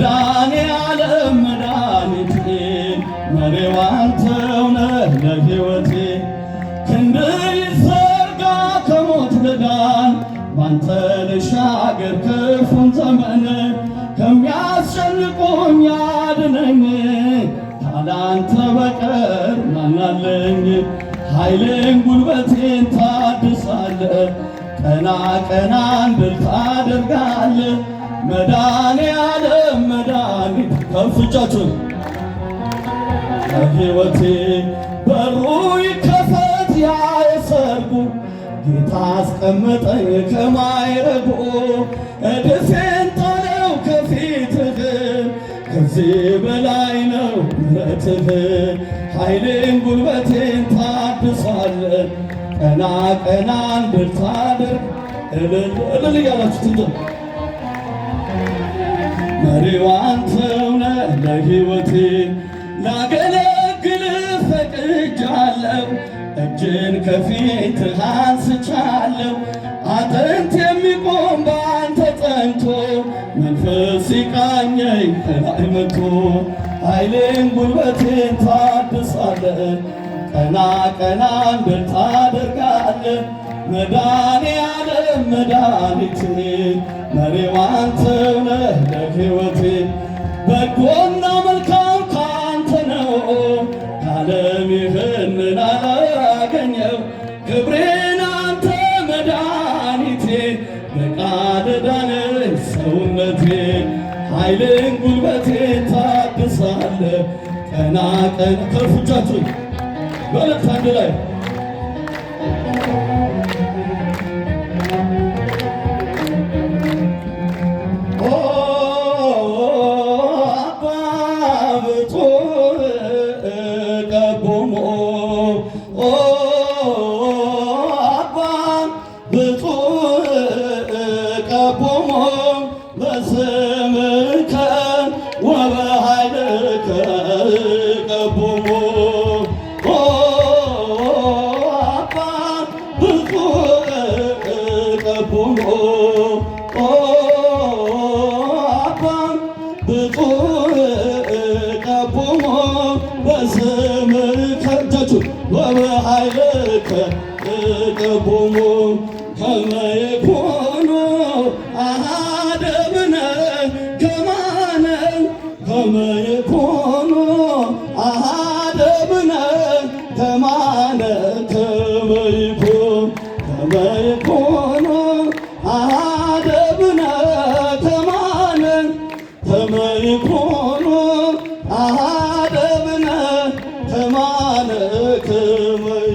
መዳኔ መድኃኔዓለም መድኃኒቴ መሪዋ አንተውነህ ለሕይወቴ ክንድ ይዘርጋ ከሞት ልዳን ባንተ ልሻገር ክፉን ዘመን ከሚያስጨንቁኝ ያድነኝ ካላንተ በቀር ማናለኝ ኃይሌን ጉልበቴን ታድሳለህ ቀና ቀና እንድል ታደርጋለህ መዳ መዳን ከፍ እጃችሁን ለሕይወቴ በሩ ይከፈት ያ የሰርጉ ጌታ አስቀመጠኝ ከማይረጉ እድፌን ጣለው ከፊትህ ከዚህ በላይ ነው ምሕረትህ ኃይሌን ጉልበቴን ታድሷል ቀና ቀና እንድታደርግ እልል እልል እያላችሁ ትንጥ ይኸው አንተው ነህ ለሕይወቴ ላገለግል ፈቅጃለሁ እጅን ከፊት አንስቻለሁ አጥንት የሚቆም በአንተ ጸንቶ መንፈስ ይቃኘኝ ከላይ መጥቶ ኃይሌን ጉልበቴን ታድሳለ ቀና ቀና እንድል ታደርጋለህ መድኃኔዓለም መድኃኒቴ መሪው ዓለም ይህንን አላገኘው ክብሬን አንተ መድኃኒቴ በቃል ዳነ ሰውነቴ ኃይልን ጉልበቴን ታድሳለ ቀና ቀን ከፉቻችሁ በለት አንድ ላይ ብጡዕ ቀቦሞ በስምከ ወበኃይልከ ቀቦሞ አባ ብጡዕ ቀቦሞ አባ ብጡዕ ቀቦሞ በስምከ ወበኃይልከ ተቆሞ ከመይኮኖ አሃደ ብነ ከማነ ከመይኮኖ አሃደ ብነ ከማነ ከመይኮ ከመይኮኖ አሃደ ብነ ከማነ ከመይኮኖ አሃደ ብነ ከማነ ከመ